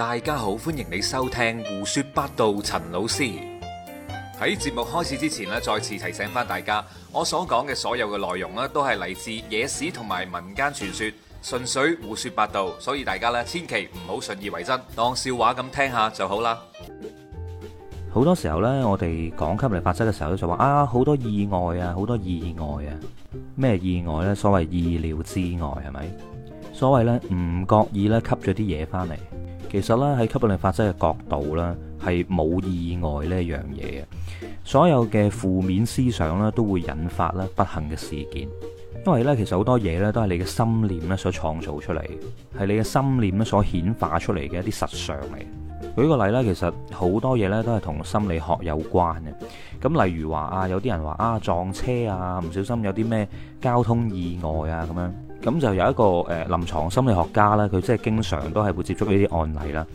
大家好，歡迎你收聽胡說八道。陳老師喺節目開始之前咧，再次提醒翻大家，我所講嘅所有嘅內容咧，都係嚟自野史同埋民間傳說，純粹胡說八道，所以大家咧千祈唔好信以為真，當笑話咁聽下就好啦。好多時候呢，我哋講吸引力法則嘅時候就話啊好多意外啊，好多意外啊，咩意外呢？所謂意料之外係咪？所謂呢？唔覺意呢？吸咗啲嘢翻嚟。其實咧，喺吸引力法則嘅角度咧，係冇意外呢一樣嘢嘅。所有嘅負面思想咧，都會引發咧不幸嘅事件。因為呢，其實好多嘢咧，都係你嘅心念咧所創造出嚟，係你嘅心念咧所顯化出嚟嘅一啲實相嚟。舉個例呢，其實好多嘢咧都係同心理學有關嘅。咁例如話啊，有啲人話啊撞車啊，唔小心有啲咩交通意外啊咁樣。咁就有一個誒臨床心理學家咧，佢即係經常都係會接觸呢啲案例啦。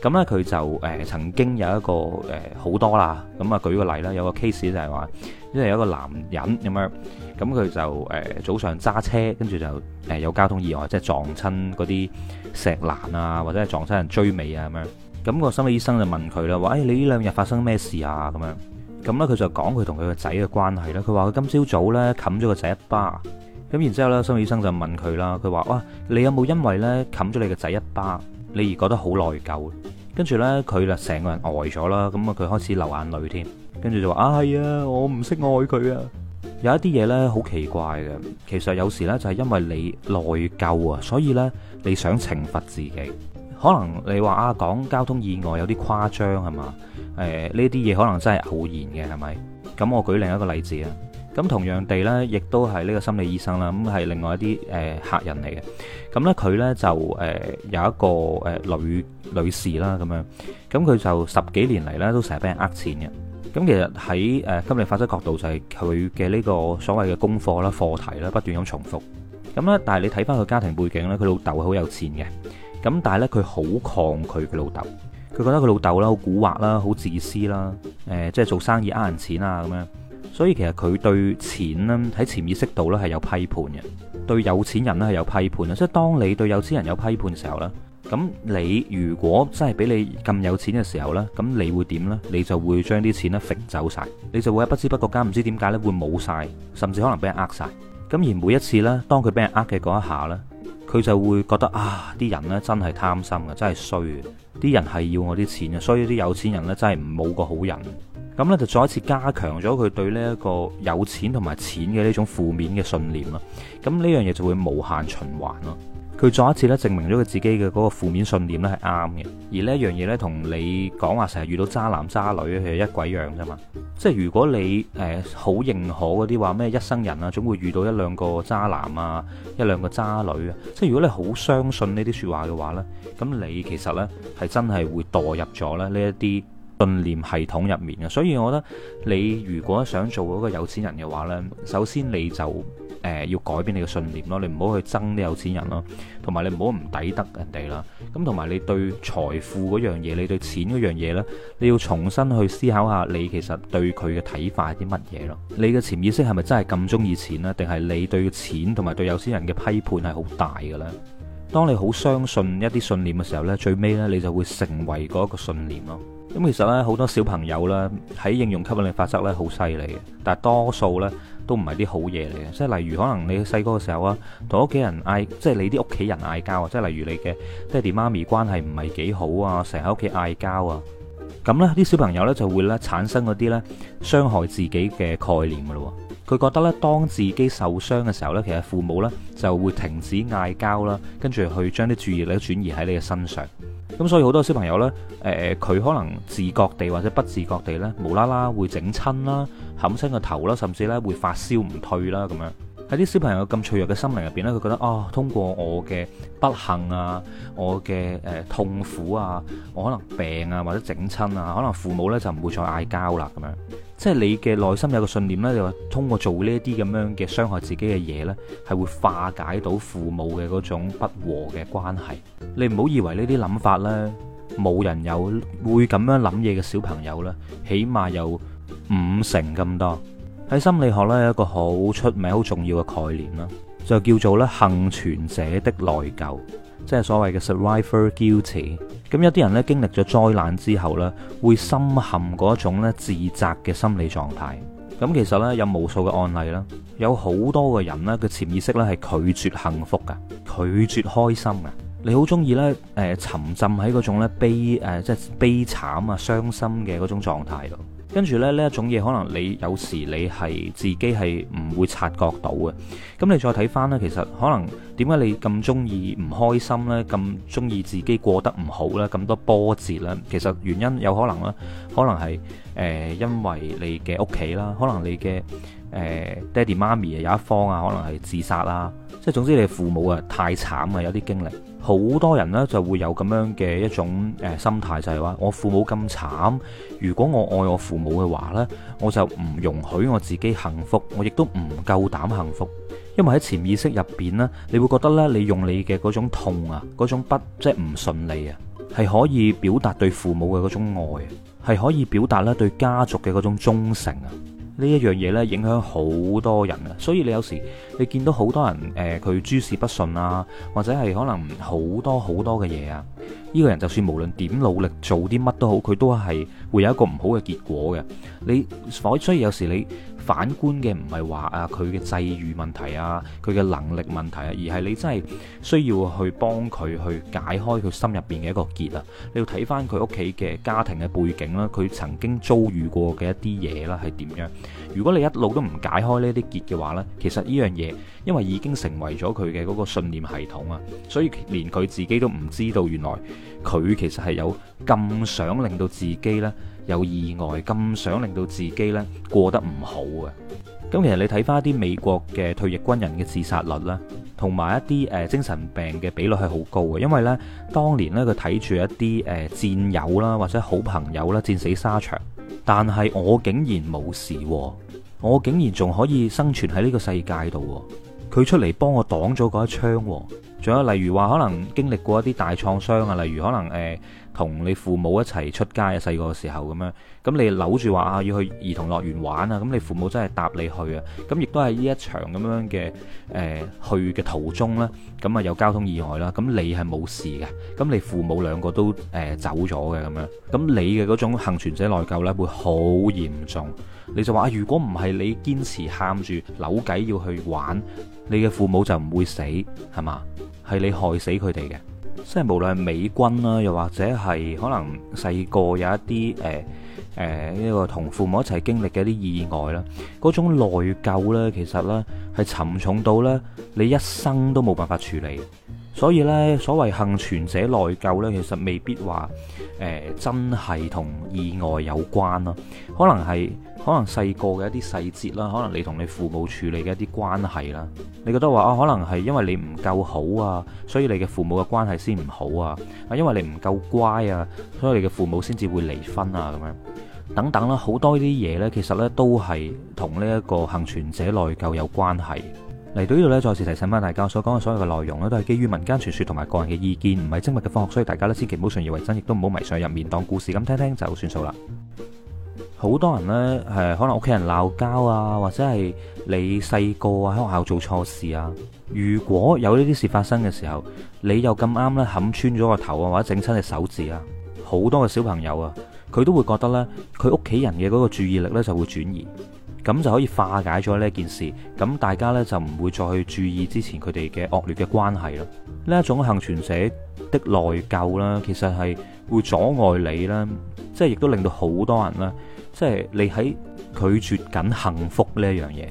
咁咧佢就誒曾經有一個誒好、呃、多啦。咁啊舉個例啦，有個 case 就係話，因為有一個男人咁樣，咁佢就誒、呃、早上揸車，跟住就誒有交通意外，即係撞親嗰啲石欄啊，或者係撞親人追尾啊咁樣。咁、那個心理醫生就問佢啦，話誒、哎、你呢兩日發生咩事啊？咁樣咁咧佢就講佢同佢個仔嘅關係啦。佢話佢今朝早咧冚咗個仔一巴。咁然之後呢，心理醫生就問佢啦，佢話：哇，你有冇因為呢冚咗你個仔一巴，你而覺得好內疚？跟住呢，佢就成個人呆咗啦，咁啊佢開始流眼淚添。跟住就話：啊，係啊，我唔識愛佢啊。有一啲嘢呢，好奇怪嘅，其實有時呢，就係因為你內疚啊，所以呢，你想懲罰自己。可能你話啊，講交通意外有啲誇張係嘛？誒呢啲嘢可能真係偶然嘅係咪？咁我舉另一個例子啊。咁同樣地咧，亦都係呢個心理醫生啦，咁係另外一啲誒、呃、客人嚟嘅。咁咧佢咧就誒、呃、有一個誒女女士啦，咁樣。咁佢就十幾年嚟咧都成日俾人呃錢嘅。咁、嗯、其實喺誒心理分析角度，就係佢嘅呢個所謂嘅功課啦、課題啦，不斷咁重複。咁咧，但係你睇翻佢家庭背景咧，佢老豆好有錢嘅。咁但係咧，佢好抗拒佢老豆。佢覺得佢老豆啦好蠱惑啦，好自私啦，誒、呃、即係做生意呃人錢啊咁樣。所以其實佢對錢咧喺潛意識度咧係有批判嘅，對有錢人咧係有批判嘅。即係當你對有錢人有批判嘅時候呢，咁你如果真係俾你咁有錢嘅時候呢，咁你會點呢？你就會將啲錢呢揈走晒，你就會喺不知不覺間唔知點解咧會冇晒，甚至可能俾人呃晒。咁而每一次呢，當佢俾人呃嘅嗰一下呢，佢就會覺得啊，啲人呢真係貪心嘅，真係衰嘅，啲人係要我啲錢嘅，所以啲有錢人呢真係冇個好人。咁咧就再一次加強咗佢對呢一個有錢同埋錢嘅呢種負面嘅信念啦。咁呢樣嘢就會無限循環咯。佢再一次咧證明咗佢自己嘅嗰個負面信念咧係啱嘅。而呢一樣嘢呢，同你講話成日遇到渣男渣女係一鬼樣啫嘛。即係如果你誒好認可嗰啲話咩，一生人啊，總會遇到一兩個渣男啊，一兩個渣女啊，即係如果你好相信呢啲説話嘅話呢，咁你其實呢，係真係會墮入咗咧呢一啲。信念系統入面嘅，所以我覺得你如果想做嗰個有錢人嘅話呢，首先你就誒、呃、要改變你嘅信念咯。你唔好去憎啲有錢人咯，同埋你唔好唔抵得人哋啦。咁同埋你對財富嗰樣嘢，你對錢嗰樣嘢呢，你要重新去思考下，你其實對佢嘅睇法係啲乜嘢咯？你嘅潛意識係咪真係咁中意錢呢？定係你對錢同埋對有錢人嘅批判係好大嘅咧？當你好相信一啲信念嘅時候呢，最尾呢，你就會成為嗰一個信念咯。咁其實咧，好多小朋友咧，喺應用吸引力法則咧，好犀利嘅。但係多數咧，都唔係啲好嘢嚟嘅。即係例如，可能你細個嘅時候啊，同屋企人嗌，即係你啲屋企人嗌交啊。即係例如你嘅爹哋媽咪關係唔係幾好啊，成日喺屋企嗌交啊。咁咧，啲小朋友咧就會咧產生嗰啲咧傷害自己嘅概念噶咯。佢覺得咧，當自己受傷嘅時候咧，其實父母咧就會停止嗌交啦，跟住去將啲注意力轉移喺你嘅身上。咁所以好多小朋友咧，誒、呃、佢可能自覺地或者不自覺地咧，無啦啦會整親啦、冚親個頭啦，甚至咧會發燒唔退啦咁樣。喺啲小朋友咁脆弱嘅心靈入邊咧，佢覺得啊、哦，通過我嘅不幸啊、我嘅誒痛苦啊、我可能病啊或者整親啊，可能父母咧就唔會再嗌交啦咁樣。即係你嘅內心有個信念呢，你話通過做呢啲咁樣嘅傷害自己嘅嘢呢，係會化解到父母嘅嗰種不和嘅關係。你唔好以為呢啲諗法呢，冇人有會咁樣諗嘢嘅小朋友呢，起碼有五成咁多。喺心理學呢有一個好出名、好重要嘅概念啦，就叫做咧幸存者的內疚。即係所謂嘅 survivor guilt，咁有啲人咧經歷咗災難之後咧，會深陷嗰一種自責嘅心理狀態。咁其實咧有無數嘅案例啦，有好多個人咧嘅潛意識咧係拒絕幸福嘅，拒絕開心嘅。你好中意咧誒沉浸喺嗰種悲誒即係悲慘啊傷心嘅嗰種狀態度。跟住咧，呢一種嘢可能你有時你係自己係唔會察覺到嘅。咁你再睇翻呢，其實可能點解你咁中意唔開心呢？咁中意自己過得唔好呢？咁多波折呢？其實原因有可能呢，可能係誒、呃、因為你嘅屋企啦，可能你嘅誒爹哋媽咪有一方啊，可能係自殺啦、啊，即係總之你父母啊太慘啊，有啲經歷。好多人呢就會有咁樣嘅一種誒心態，就係話我父母咁慘，如果我愛我父母嘅話呢，我就唔容許我自己幸福，我亦都唔夠膽幸福，因為喺潛意識入邊呢，你會覺得呢，你用你嘅嗰種痛啊，嗰種不，即係唔順利啊，係可以表達對父母嘅嗰種愛，係可以表達咧對家族嘅嗰種忠誠啊。呢一樣嘢咧影響好多人啊，所以你有時你見到好多人誒，佢、呃、諸事不順啊，或者係可能好多好多嘅嘢啊，呢、呢個人就算無論點努力做啲乜都好，佢都係會有一個唔好嘅結果嘅。你所所以有時你。反觀嘅唔係話啊佢嘅際遇問題啊，佢嘅能力問題啊，而係你真係需要去幫佢去解開佢心入邊嘅一個結啊！你要睇返佢屋企嘅家庭嘅背景啦，佢曾經遭遇過嘅一啲嘢啦係點樣？如果你一路都唔解開呢啲結嘅話呢，其實呢樣嘢，因為已經成為咗佢嘅嗰個信念系統啊，所以連佢自己都唔知道原來佢其實係有咁想令到自己呢，有意外，咁想令到自己呢過得唔好啊。咁其實你睇翻一啲美國嘅退役軍人嘅自殺率啦，同埋一啲誒精神病嘅比率係好高嘅，因為呢當年呢，佢睇住一啲誒戰友啦，或者好朋友啦，戰死沙場。但係我竟然冇事，我竟然仲可以生存喺呢個世界度。佢出嚟幫我擋咗嗰一槍，仲有例如話可能經歷過一啲大創傷啊，例如可能誒。呃同你父母一齊出街啊，細個嘅時候咁樣，咁你扭住話啊，要去兒童樂園玩啊。咁你父母真係搭你去啊，咁亦都係呢一場咁樣嘅誒、呃、去嘅途中咧，咁啊有交通意外啦，咁你係冇事嘅，咁你父母兩個都誒、呃、走咗嘅咁樣，咁你嘅嗰種幸存者內疚呢會好嚴重，你就話啊，如果唔係你堅持喊住扭計要去玩，你嘅父母就唔會死係嘛？係你害死佢哋嘅。即係無論係美軍啦，又或者係可能細個有一啲誒誒呢個同父母一齊經歷嘅啲意外啦，嗰種內疚呢，其實呢係沉重到呢，你一生都冇辦法處理，所以呢，所謂幸存者內疚呢，其實未必話誒、呃、真係同意外有關咯，可能係。可能細個嘅一啲細節啦，可能你同你父母處理嘅一啲關係啦，你覺得話啊，可能係因為你唔夠好啊，所以你嘅父母嘅關係先唔好啊，啊，因為你唔夠乖啊，所以你嘅父母先至會離婚啊，咁樣等等啦，好多呢啲嘢呢，其實呢都係同呢一個幸存者內疚有關係。嚟到呢度呢，再次提醒翻，大家，我所講嘅所有嘅內容呢，都係基於民間傳說同埋個人嘅意見，唔係精密嘅科學，所以大家呢，千祈唔好信以為真，亦都唔好迷上入面當故事咁聽聽就算數啦。好多人呢，誒，可能屋企人鬧交啊，或者係你細個啊，喺學校做錯事啊。如果有呢啲事發生嘅時候，你又咁啱呢，冚穿咗個頭啊，或者整親隻手指啊，好多個小朋友啊，佢都會覺得呢，佢屋企人嘅嗰個注意力呢就會轉移，咁就可以化解咗呢件事，咁大家呢，就唔會再去注意之前佢哋嘅惡劣嘅關係咯。呢一種幸存者的內疚啦，其實係會阻礙你啦，即係亦都令到好多人咧。即係你喺拒絕緊幸福呢一樣嘢，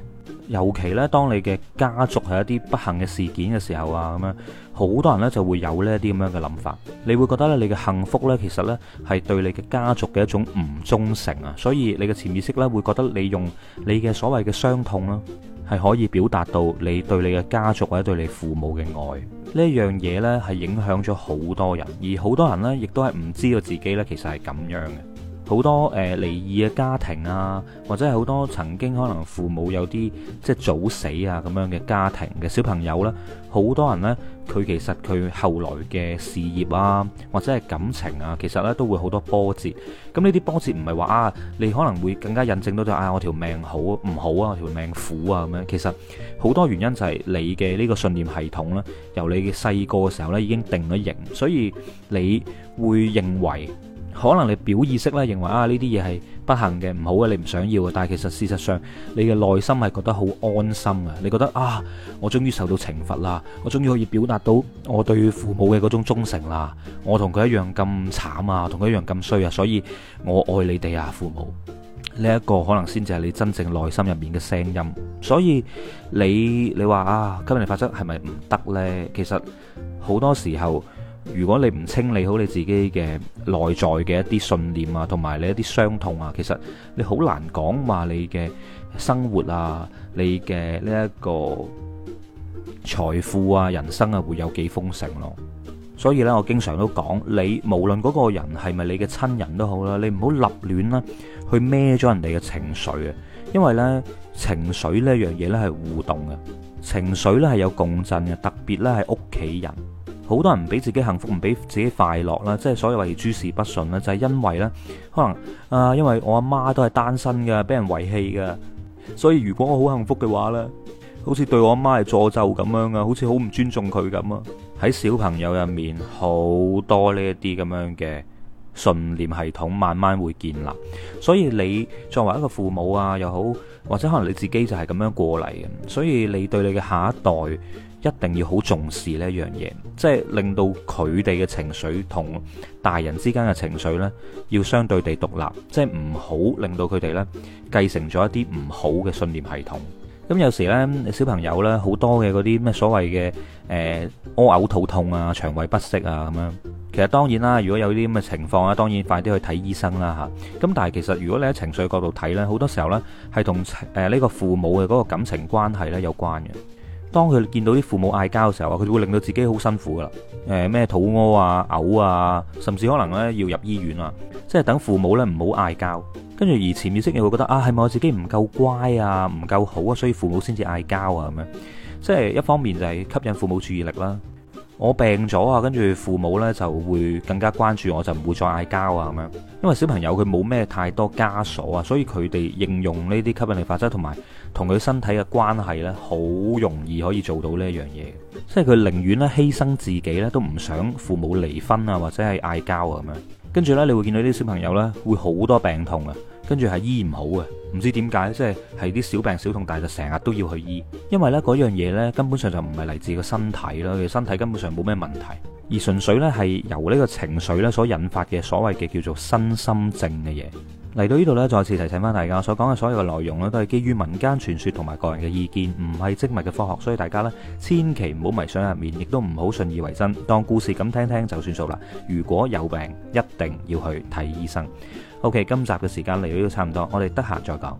尤其呢，當你嘅家族係一啲不幸嘅事件嘅時候啊，咁樣好多人呢就會有呢啲咁樣嘅諗法，你會覺得呢你嘅幸福呢，其實呢係對你嘅家族嘅一種唔忠誠啊，所以你嘅潛意識呢，會覺得你用你嘅所謂嘅傷痛啦，係可以表達到你對你嘅家族或者對你父母嘅愛呢一樣嘢呢，係影響咗好多人，而好多人呢，亦都係唔知道自己呢，其實係咁樣嘅。好多誒離異嘅家庭啊，或者係好多曾經可能父母有啲即係早死啊咁樣嘅家庭嘅小朋友咧，好多人呢，佢其實佢後來嘅事業啊，或者係感情啊，其實呢都會好多波折。咁呢啲波折唔係話啊，你可能會更加印證到就嗌我條命好啊唔好啊，我條命，命苦啊咁樣。其實好多原因就係你嘅呢個信念系統咧，由你嘅細個嘅時候呢已經定咗型，所以你會認為。可能你表意識啦，認為啊呢啲嘢係不幸嘅，唔好嘅，你唔想要嘅。但係其實事實上，你嘅內心係覺得好安心啊！你覺得啊，我終於受到懲罰啦，我終於可以表達到我對父母嘅嗰種忠誠啦。我同佢一樣咁慘啊，同佢一樣咁衰啊，所以我愛你哋啊，父母。呢一個可能先至係你真正內心入面嘅聲音。所以你你話啊，今日你發生係咪唔得呢？其實好多時候。如果你唔清理好你自己嘅內在嘅一啲信念啊，同埋你一啲傷痛啊，其實你好難講話你嘅生活啊，你嘅呢一個財富啊，人生啊會有幾豐盛咯，啊。所以咧，我經常都講，你無論嗰個人係咪你嘅親人都好啦，你唔好立亂啦去孭咗人哋嘅情緒啊，因為呢情緒呢樣嘢呢係互動嘅，情緒呢係有共振嘅，特別呢係屋企人。好多人唔俾自己幸福，唔俾自己快樂啦，即係所謂諸事不順啦，就係因為呢。可能啊，因為我阿媽都係單身嘅，俾人遺棄嘅，所以如果我好幸福嘅話呢，好似對我阿媽係詛咒咁樣啊，好似好唔尊重佢咁啊。喺小朋友入面，好多呢一啲咁樣嘅信念系統，慢慢會建立。所以你作為一個父母啊，又好，或者可能你自己就係咁樣過嚟，所以你對你嘅下一代。一定要好重視呢一樣嘢，即係令到佢哋嘅情緒同大人之間嘅情緒呢，要相對地獨立，即係唔好令到佢哋呢，繼承咗一啲唔好嘅信念系統。咁、嗯、有時呢，小朋友呢，好多嘅嗰啲咩所謂嘅誒，屙、呃、嘔、肚痛啊、腸胃不適啊咁樣。其實當然啦，如果有啲咁嘅情況啦，當然快啲去睇醫生啦吓。咁但係其實如果你喺情緒角度睇呢，好多時候呢，係同誒呢個父母嘅嗰個感情關係呢有關嘅。當佢見到啲父母嗌交嘅時候啊，佢就會令到自己好辛苦噶啦，誒咩肚屙啊、嘔啊，甚至可能咧要入醫院啊，即係等父母咧唔好嗌交，跟住而潛意識又會覺得啊係咪我自己唔夠乖啊、唔夠好啊，所以父母先至嗌交啊咁樣，即係一方面就係吸引父母注意力啦。我病咗啊，跟住父母咧就會更加關注我，就唔會再嗌交啊咁樣。因為小朋友佢冇咩太多枷鎖啊，所以佢哋應用呢啲吸引力法則同埋同佢身體嘅關係咧，好容易可以做到呢一樣嘢。即係佢寧願咧犧牲自己咧，都唔想父母離婚啊，或者係嗌交啊咁樣。跟住呢，你會見到啲小朋友呢會好多病痛啊，跟住係醫唔好啊，唔知點解，即係係啲小病小痛，但係就成日都要去醫，因為呢嗰樣嘢呢，根本上就唔係嚟自個身體啦。佢身體根本上冇咩問題，而純粹呢係由呢個情緒呢所引發嘅所謂嘅叫做身心症嘅嘢。嚟到呢度咧，再次提醒翻大家，所講嘅所有嘅內容咧，都係基於民間傳說同埋個人嘅意見，唔係精密嘅科學，所以大家咧，千祈唔好迷信入面，亦都唔好信以為真，當故事咁聽聽就算數啦。如果有病，一定要去睇醫生。OK，今集嘅時間嚟到都差唔多，我哋得閒再講。